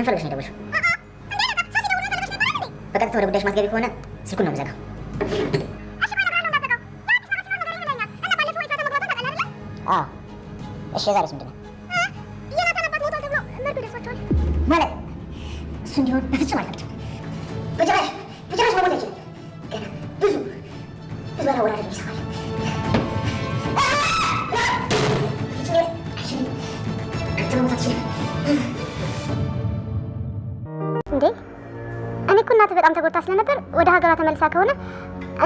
ምን ፈልገሽ ነው የደወልሽው? በቀጥታ ወደ ጉዳይሽ ማስገቢ ከሆነ ስልኩን ነው የምዘጋው። አዎ እሺ። የዛሬስ ምንድን ነው? እሱ እንዲሆን በፍጹም አልፈቅድም። በጭራሽ በጭራሽ መሞት ወደ ሀገሯ ተመልሳ ከሆነ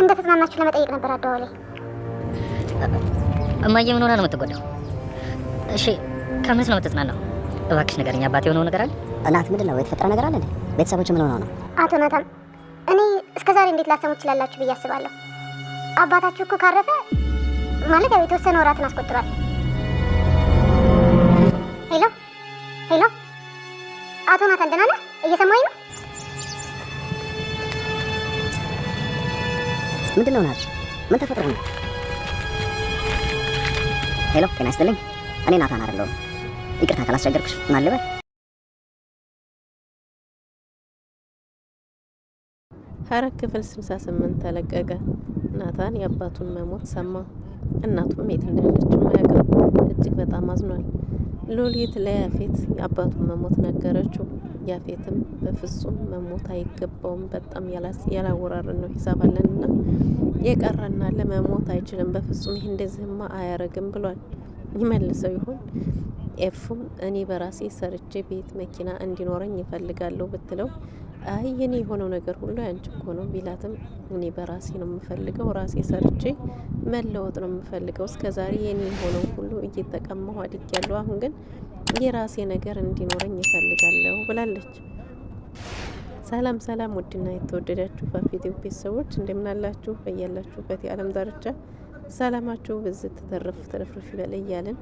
እንደ ተዝናናችሁ ለመጠየቅ ነበር አደዋውላ። እማዬ ምን ሆና ነው የምትጎዳው? እሺ ከምንስ ነው የምትጽናናው? እባክሽ ንገረኝ፣ አባት የሆነው ነገር አለ? እናት ምንድን ነው የተፈጠረ ነገር አለ? ቤተሰቦች ምን ሆነው ነው? አቶ ናታን፣ እኔ እስከ ዛሬ እንዴት ላሰሙ ትችላላችሁ ብዬ አስባለሁ። አባታችሁ እኮ ካረፈ ማለት ያው የተወሰነ ወራትን አስቆጥሯል። ሄሎ ሄሎ፣ አቶ ናታን ደህና ነህ? እየሰማኝ ነው ምንድን ነው ናት? ምን ተፈጥሮ ነው? ሄሎ፣ ጤና ይስጥልኝ። እኔ ናታን አይደለሁም። ይቅርታ ካላስቸገርኩሽ። ማን ልበል? ሐረግ ክፍል 68 ተለቀቀ። ናታን የአባቱን መሞት ሰማ። እናቱም የት እንዳለችው ማያውቅም። እጅግ በጣም አዝኗል። ሎሊት ለያፌት የአባቱን መሞት ነገረችው። ያፌትም በፍጹም መሞት አይገባውም፣ በጣም ያላወራርን ነው ሂሳብ አለንና የቀረና ለመሞት አይችልም፣ በፍጹም ይህ እንደዚህማ አያረግም ብሏል። ይመልሰው ይሆን? ኤፉም እኔ በራሴ ሰርቼ ቤት መኪና እንዲኖረኝ ይፈልጋለሁ ብትለው አይ የኔ የሆነው ነገር ሁሉ ያንቺ እኮ ነው ቢላትም እኔ በራሴ ነው የምፈልገው፣ ራሴ ሰርቼ መለወጥ ነው የምፈልገው። እስከ ዛሬ የኔ የሆነው ሁሉ እየተቀማሁ አድጌያለሁ። አሁን ግን የራሴ ነገር እንዲኖረኝ ይፈልጋለሁ ብላለች። ሰላም ሰላም፣ ውድና የተወደዳችሁ ፋፌቴ ቤተሰቦች እንደምን አላችሁ? በያላችሁበት የዓለም ዳርቻ ሰላማችሁ ብዝት ተተረፍ ተረፍርፍ ይበል እያልን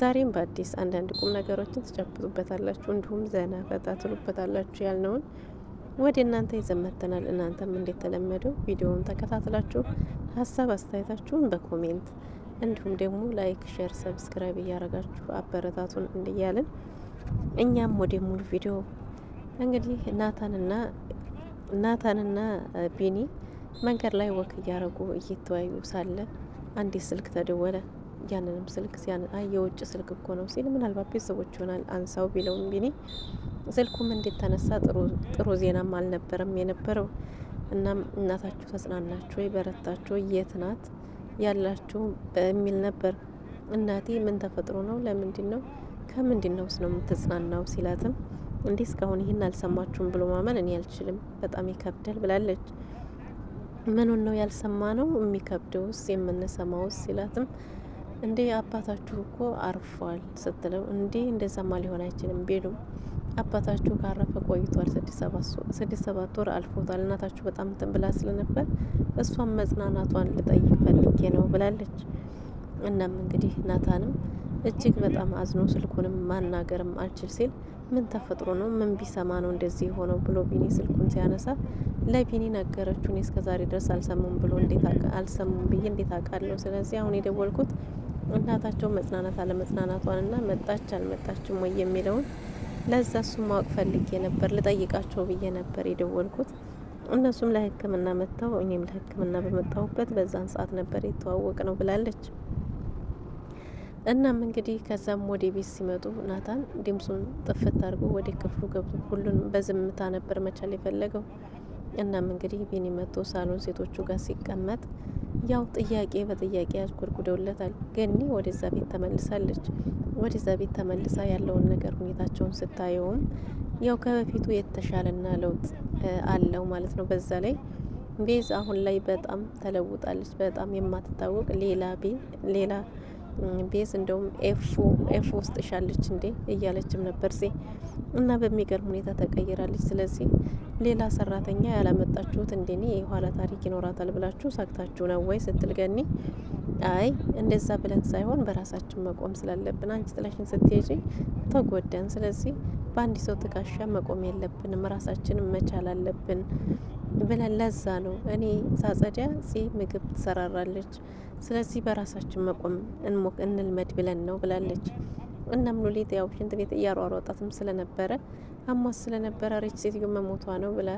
ዛሬም በአዲስ አንዳንድ ቁም ነገሮችን ትጨብጡበታላችሁ፣ እንዲሁም ዘና ፈታ ትሉበታላችሁ ያልነውን ወደ እናንተ ይዘመተናል እናንተም እናንተም እንደተለመደው ቪዲዮውን ተከታትላችሁ ሀሳብ አስተያየታችሁን በኮሜንት እንዲሁም ደግሞ ላይክ፣ ሼር፣ ሰብስክራይብ እያረጋችሁ አበረታቱን እንያለን። እኛም ወደ ሙሉ ቪዲዮ እንግዲህ ናታንና ናታንና ቢኒ መንገድ ላይ ወክ እያረጉ እየተወያዩ ሳለ አንዲት ስልክ ተደወለ። ያንንም ስልክ ሲያን የውጭ ስልክ እኮ ነው ሲል ምናልባት ቤተሰቦች ይሆናል አንሳው ቢለውም ቢኒ ስልኩም እንዴት ተነሳ? ጥሩ ዜናም አልነበረም የነበረው። እናም እናታችሁ ተጽናናችሁ ወይ በረታችሁ የት ናት ያላችሁ የሚል ነበር። እናቴ ምን ተፈጥሮ ነው? ለምንድን ነው ከምንድን ነው ስነው የምትጽናናው ሲላትም እንዲህ እስካሁን ይህን አልሰማችሁም ብሎ ማመን እኔ አልችልም፣ በጣም ይከብዳል ብላለች። ምኑን ነው ያልሰማ ነው የሚከብደው ውስጥ የምንሰማው ሲላትም እንዴ አባታችሁ እኮ አርፏል ስትለው እንዴ እንደዛማ ሊሆን አይችልም ቤሉም አባታችሁ ካረፈ ቆይቷል። ስድስት ሰባት ወር አልፎታል። እናታችሁ በጣም እንትን ብላ ስለነበር እሷም መጽናናቷን ልጠይቅ ፈልጌ ነው ብላለች። እናም እንግዲህ ናታንም እጅግ በጣም አዝኖ ስልኩንም ማናገርም አልችል ሲል ምን ተፈጥሮ ነው ምን ቢሰማ ነው እንደዚህ የሆነው ብሎ ቢኒ ስልኩን ሲያነሳ ለቢኒ ነገረችው። እኔ ዛሬ ድረስ አልሰሙም ብሎ አልሰሙም ብዬ እንዴት አውቃለሁ? ስለዚህ አሁን የደወልኩት እናታቸው መጽናናት አለመጽናናቷንና መጣች አልመጣችም ወይ የሚለውን ለዛ እሱ ማወቅ ፈልጌ ነበር ልጠይቃቸው ብዬ ነበር የደወልኩት። እነሱም ለሕክምና መጥተው እኔም ለሕክምና በመጣሁበት በዛን ሰዓት ነበር የተዋወቅ ነው ብላለች። እናም እንግዲህ ከዛም ወደ ቤት ሲመጡ ናታን ድምፁን ጥፍት አድርጎ ወደ ክፍሉ ገብቶ ሁሉን በዝምታ ነበር መቻል የፈለገው። እናም እንግዲህ ቢኒ መጥቶ ሳሎን ሴቶቹ ጋር ሲቀመጥ ያው ጥያቄ በጥያቄ አጉርጉደውለታል። ገኒ ወደዛ ቤት ተመልሳለች። ወደዛ ቤት ተመልሳ ያለውን ነገር ሁኔታቸውን ስታየውም ያው ከበፊቱ የተሻለና ለውጥ አለው ማለት ነው። በዛ ላይ ቤዝ አሁን ላይ በጣም ተለውጣለች። በጣም የማትታወቅ ሌላ ቤ ሌላ ቤዝ እንደውም ኤፍ ውስጥ ሻለች እንዴ እያለችም ነበር ዜ እና በሚገርም ሁኔታ ተቀይራለች። ስለዚህ ሌላ ሰራተኛ ያላመጣችሁት እንደኔ የኋላ ታሪክ ይኖራታል ብላችሁ ሳግታችሁ ነው ወይ ስትል ገኒ አይ እንደዛ ብለን ሳይሆን በራሳችን መቆም ስላለብን አንቺ ጥላሽን ስትሄጂ ተጎዳን። ስለዚህ በአንድ ሰው ትከሻ መቆም የለብንም፣ ራሳችንም መቻል አለብን። ብለን ለዛ ነው እኔ ሳጸዳ ጺ ምግብ ትሰራራለች። ስለዚህ በራሳችን መቆም እንሞክ እንልመድ ብለን ነው ብላለች። እናም ሉሊት ያው ሽንት ቤት እያሯሯጣትም ስለነበረ አሟት ስለነበረ ሬች ሴትዮ መሞቷ ነው ብላ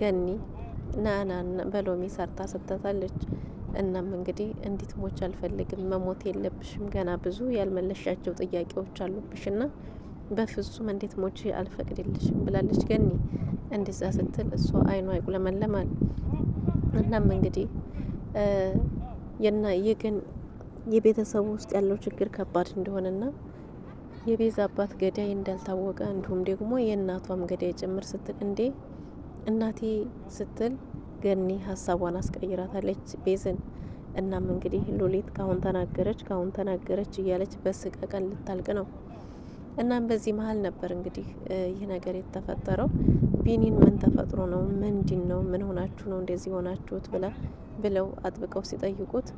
ገኒ ናና በሎሚ ሰርታ ሰጥታታለች። እናም እንግዲህ ሞች አልፈልግም፣ መሞት የለብሽም ገና ብዙ ያልመለሻቸው ጥያቄዎች አሉብሽና በፍጹም እንዴት ሞች አልፈቅድልሽም ብላለች ገኒ እንደዛ ስትል እሷ አይኗ ይቁለመለማል። እናም እንግዲህ የና የግን የቤተሰቡ ውስጥ ያለው ችግር ከባድ እንደሆነና የቤዛ አባት ገዳይ እንዳልታወቀ እንዲሁም ደግሞ የእናቷም ገዳይ ጭምር ስትል እንዴ እናቴ ስትል ገኒ ሀሳቧን አስቀይራታለች ቤዝን። እናም እንግዲህ ሉሊት ካሁን ተናገረች ካሁን ተናገረች እያለች በስቀቀን ልታልቅ ነው። እናም በዚህ መሀል ነበር እንግዲህ ይህ ነገር የተፈጠረው። ቢኒን ምን ተፈጥሮ ነው ምንድን ነው ምን ሆናችሁ ነው እንደዚህ ሆናችሁት ብላ ብለው አጥብቀው ሲጠይቁት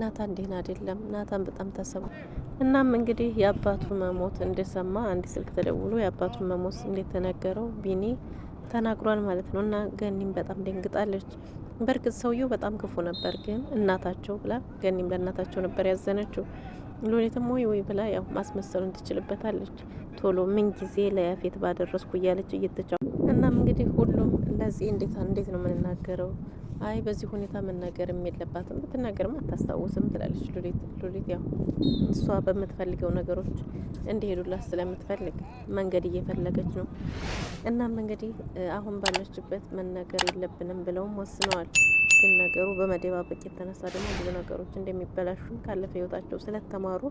ናታን ደህና አይደለም፣ ናታን በጣም ተሰቡ። እናም እንግዲህ የአባቱ መሞት እንደሰማ አንድ ስልክ ተደውሎ የአባቱን መሞት እንደተነገረው ቢኒ ተናግሯል ማለት ነው። እና ገኒም በጣም ደንግጣለች። በእርግጥ ሰውየው በጣም ክፉ ነበር፣ ግን እናታቸው ብላ ገኒም ለእናታቸው ነበር ያዘነችው። ሎሌትም ወይ ወይ ብላ ያው ማስመሰሉን ትችልበታለች። ቶሎ ምን ጊዜ ለያፌት ባደረስኩ እያለች እየተጫ እናም እንግዲህ ሁሉም ለዚህ እንዴት እንዴት ነው የምንናገረው? አይ በዚህ ሁኔታ መናገርም የለባትም ብትናገርም አታስታውስም ትላለች ሎሌት። ሎሌት ያው እሷ በምትፈልገው ነገሮች እንዲሄዱላት ስለምትፈልግ መንገድ እየፈለገች ነው። እናም እንግዲህ አሁን ባለችበት መናገር የለብንም ብለውም ወስነዋል። ግን ነገሩ በመደባበቅ የተነሳ ደግሞ ብዙ ነገሮች እንደሚበላሹም ካለፈ ህይወታቸው ስለተማሩ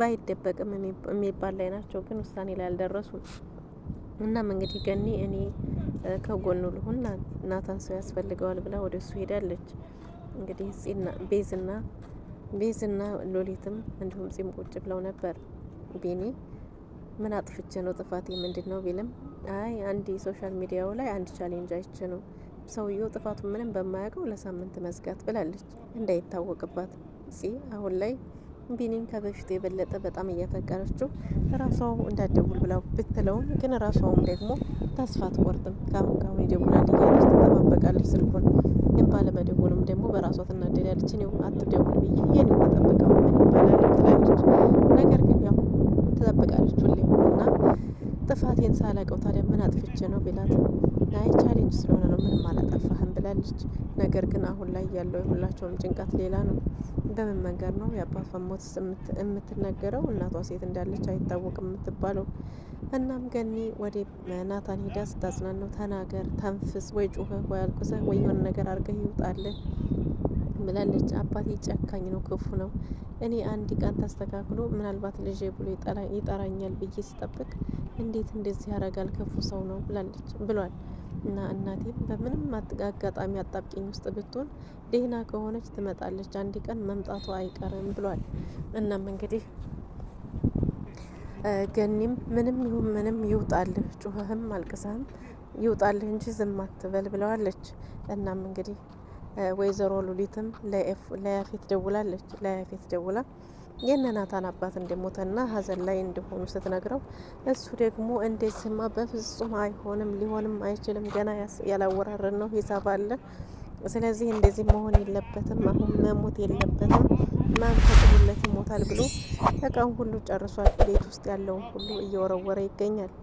ባይደበቅም የሚባል ላይ ናቸው። ግን ውሳኔ ላይ አልደረሱም። እናም እንግዲህ ገኒ እኔ ከጎኑ ልሁን ናታን ሰው ያስፈልገዋል ብላ ወደ እሱ ሄዳለች። እንግዲህ ቤዝና ቤዝና ሎሊትም እንዲሁም ጺም ቁጭ ብለው ነበር። ቤኔ ምን አጥፍቼ ነው ጥፋቴ ምንድን ነው ቢልም አይ አንድ ሶሻል ሚዲያው ላይ አንድ ቻሌንጅ አይቼ ነው ሰውየው ጥፋቱ ምንም በማያውቀው ለሳምንት መዝጋት ብላለች እንዳይታወቅባት። ፂ አሁን ላይ ቢኒን ከበፊቱ የበለጠ በጣም እያፈቀረችው ራሷው እንዳደውል ብላው ብትለውም ግን ራሷውም ደግሞ ተስፋ አትቆርጥም። ከአሁን ከአሁን ይደውላል እያለች ትጠባበቃለች ስልኩን። ግን ባለመደወልም ደግሞ በራሷ ትናደዳለች። እኔው አትደውል ብዬ የኔ መጠበቀው ምን ይባላል ትላለች። ነገር ግን ያው ትጠብቃለች ሁሌም እና ጥፋቴን ሳላውቀው ታዲያ ምን አጥፍቼ ነው ቢላት አይቻል ልጅ ስለሆነ ነው ምንም አላጠፋህም ብላለች። ነገር ግን አሁን ላይ ያለው የሁላቸውም ጭንቀት ሌላ ነው። በምን መንገድ ነው የአባቷ ሞት የምትነገረው? እናቷ ሴት እንዳለች አይታወቅም የምትባለው። እናም ገኒ ወደ ናታን ሄዳ ስታጽናነው ተናገር፣ ተንፍስ፣ ወይ ጩኸህ ወይ አልቅሰህ ወይ የሆነ ነገር አድርገህ ይውጣልህ ብላለች። አባቴ ጨካኝ ነው፣ ክፉ ነው። እኔ አንድ ቀን ተስተካክሎ ምናልባት ልጄ ብሎ ይጠራኛል ብዬ ስጠብቅ እንዴት እንደዚህ ያደርጋል? ክፉ ሰው ነው ብላለች ብሏል። እና እናቴም በምንም አጋጣሚ አጣብቂኝ ውስጥ ብትሆን ደህና ከሆነች ትመጣለች፣ አንድ ቀን መምጣቱ አይቀርም ብሏል። እናም እንግዲህ ገኒም ምንም ይሁን ምንም ይውጣልህ፣ ጩኸህም አልቅሰህም ይውጣልህ እንጂ ዝም አትበል ብለዋለች። እናም እንግዲህ ወይዘሮ ሉሊትም ለያፌት ደውላለች። ለያፌት ደውላ የነናታን አባት እንደሞተና ሀዘን ላይ እንደሆኑ ስትነግረው እሱ ደግሞ እንደዚህማ በፍጹም አይሆንም፣ ሊሆንም አይችልም፣ ገና ያላወራረን ነው ሂሳብ አለ። ስለዚህ እንደዚህ መሆን የለበትም፣ አሁን መሞት የለበትም፣ ማን ይሞታል ብሎ እቃውን ሁሉ ጨርሷል። ቤት ውስጥ ያለውን ሁሉ እየወረወረ ይገኛል።